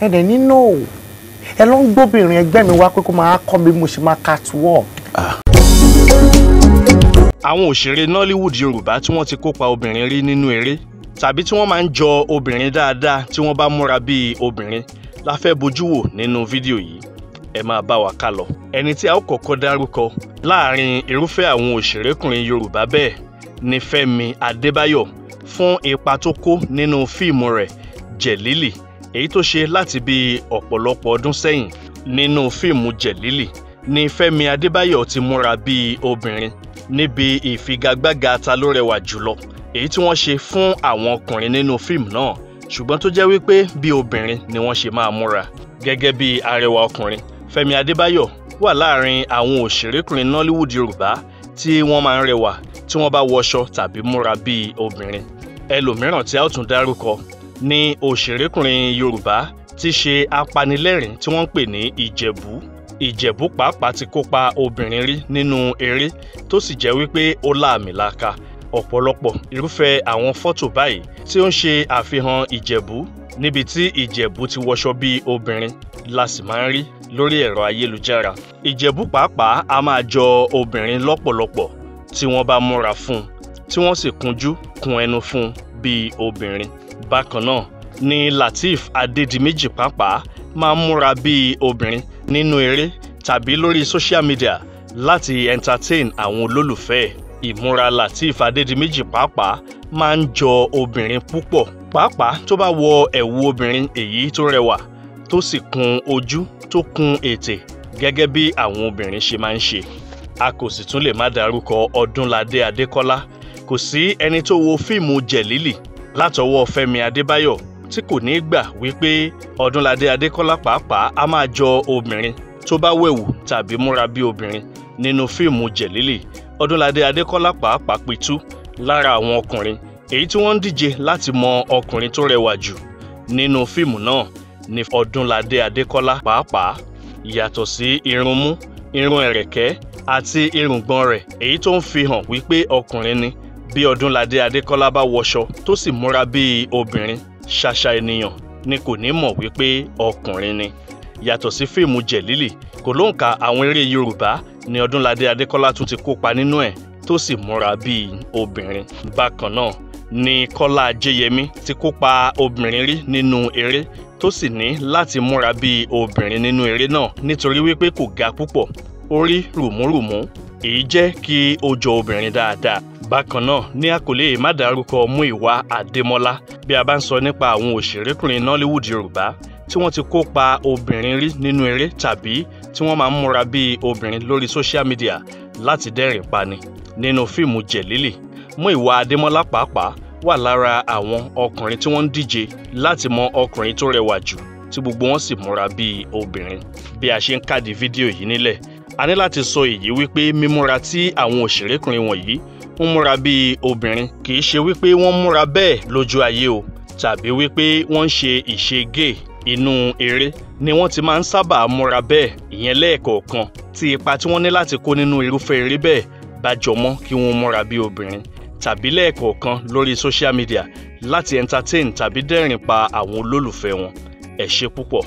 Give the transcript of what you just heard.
ẹ dẹ̀ ní no ẹ lọ ń gbóbìnrin ẹgbẹ́ mi wá pé kó máa kọ́ mi mo ṣe máa catwalk. Ah. àwọn òṣèré Nollywood Yorùbá tí wọ́n ti kópa obìnrin rí nínú eré tàbí tí wọ́n máa ń jọ obìnrin dáadáa tí wọ́n bá múra bíi obìnrin la fẹ́ bojú wò nínú fídíò yìí ẹ máa bá wa ká lọ. ẹni tí a ó kọ́kọ́ dárúkọ láàrin irúfẹ́ àwọn òṣèrékùnrin Yorùbá bẹ́ẹ̀ ni Fẹ́mi Adébáyọ̀ fún ipa tó kó nínú fíìmù rẹ̀ Jẹ̀lílì èyí tó ṣe láti bí ọ̀pọ̀lọpọ̀ ọdún sẹ́yìn nínú fíìmù jẹ̀lílì ni Fẹ́mi Adébáyọ̀ ti múra bíi obìnrin níbi ìfigagbága ta ló rẹwà jùlọ èyí tí wọ́n ṣe fún àwọn ọkùnrin nínú fíìmù náà ṣùgbọ́n tó jẹ́ wípé bí obìnrin ni wọ́n ṣe máa múra gẹ́gẹ́ bí arẹwà ọkùnrin Fẹ́mi Adébáyọ̀ wà láàrin àwọn òṣèrékùnrin Nollywood Yorùbá tí wọ́n máa ń rẹwà tí wọ́n bá wọṣọ tàbí múra bíi obìnrin ẹlòmíràn tí a ó tún dárúkọ ni òṣèrékùnrin Yorùbá ti ṣe apanilẹ́rìn tí wọ́n ń pè ní Ìjẹ̀bú Ìjẹ̀bú pàápàá ti kópa obìnrin rí nínú eré tó sì jẹ́ wípé ó láàmìlaka ọ̀pọ̀lọpọ̀ irúfẹ́ àwọn fọ́tò báyìí tí ó ń ṣe àfihàn Ìjẹ̀bú níbi tí Ìjẹ̀bú ti wọṣọ bí obìnrin la sì máa ń rí lórí ẹ̀rọ ayélujára Ìjẹ̀bú pàápàá a máa jọ obìnrin lọ́pọ̀lọpọ̀ tí wọ́n bá múra fún un tí wọ́n sì kúnjú kún ẹnu fún un bíi obìnrin bákan náà ni Latif Adédìméjì pàápàá máa ń múra bíi obìnrin nínú eré tàbí lórí social media láti entertain àwọn olólùfẹ́ ẹ̀ ìmúra Lateef Adédìméjì pàápàá máa ń jọ obìnrin púpọ̀ pàápàá tó bá wọ ẹ̀wù obìnrin èyí tó rẹwà tó sì kun ojú tó kun ètè gẹ́gẹ́ bí àwọn obìnrin ṣe máa ń ṣe a kò sì tún lè má dárúkọ Ọdúnladé Adékọ́lá kò sí ẹni tó wo fíìmù Jẹ̀lílì látọwọ́ Fẹ́mi Adébáyọ̀ tí kò ní gbà wípé Ọdúnládé Adékọ́lá pàápàá a máa jọ obìnrin tó bá wẹ̀wù tàbí múra bí obìnrin nínú fíìmù Jẹ̀lílì Ọdúnládé Adékọ́lá pàápàá pitú lára àwọn ọkùnrin èyí tí wọ́n ń díje láti mọ ọkùnrin tó rẹwà jù nínú fíìmù náà ni Ọdúnládé Adékọ́lá pàápàá yàtọ̀ sí irunmú irun ẹ̀rẹ̀kẹ́ àti irùngbọ̀n rẹ̀ èyí tó ń fi hàn wípé ọkùnrin ni bí Ọdúnládé Adékọ́lá bá wọṣọ tó sì múra bíi obìnrin ṣàṣà ènìyàn ni kò ní mọ̀ wípé ọkùnrin ni yàtọ̀ sí fíìmù jẹ̀lílì kò lóǹkà àwọn eré Yorùbá ni Ọdúnládé Adékọ́lá tún ti kópa nínú ẹ̀ tó sì múra bíi obìnrin bákan náà ni Kọ́lá Ajéyẹmí ti kópa obìnrin rí nínú eré tó sì ní láti múra bíi obìnrin nínú eré náà nítorí wípé kò ga púpọ̀ orí rùmúrùmú èyí jẹ́ kí ó jọ obìnrin dáadáa bákan náà ní àkọlé má dárúkọ Múyìwá Adémọ́lá bí a bá ń sọ nípa àwọn òṣèrékùnrin Nollywood Yorùbá tí wọ́n ti kópa obìnrin rí nínú eré tàbí tí wọ́n máa ń múra bíi obìnrin lórí social media láti dẹ́rìn pani nínú fíìmù Jẹ̀lílì Múyìwá Adémọ́lá pàápàá wà lára àwọn ọkùnrin tí wọ́n ń díje láti mọ ọkùnrin tó rẹwà jù tí gbogbo wọn sì múra bíi obìnrin bí a ṣe ń kádìí fídíò yìí nílẹ̀ a ní láti sọ èyí wípé mímúra tí àwọn òṣèrékùnrin wọ̀nyí ń múra bíi obìnrin kì í ṣe wípé wọ́n múra bẹ́ẹ̀ lójú ayé o tàbí wípé wọ́n ń ṣe ìṣe gay inú eré ni wọ́n ti máa ń sábà múra bẹ́ẹ̀ ìyẹn lẹ́ẹ̀kọ̀ọ̀kan tí ipa tí wọ́n ní láti kó nínú irúfẹ́ eré bẹ́ẹ̀ bá jọmọ́ kí wọ́n múra bíi obìnrin tàbí lẹ́ẹ̀kọ̀ọ̀kan lórí social media láti entertain tàbí dẹ́rìn pa àwọn olólùfẹ́ wọn ẹ ṣé púpọ̀.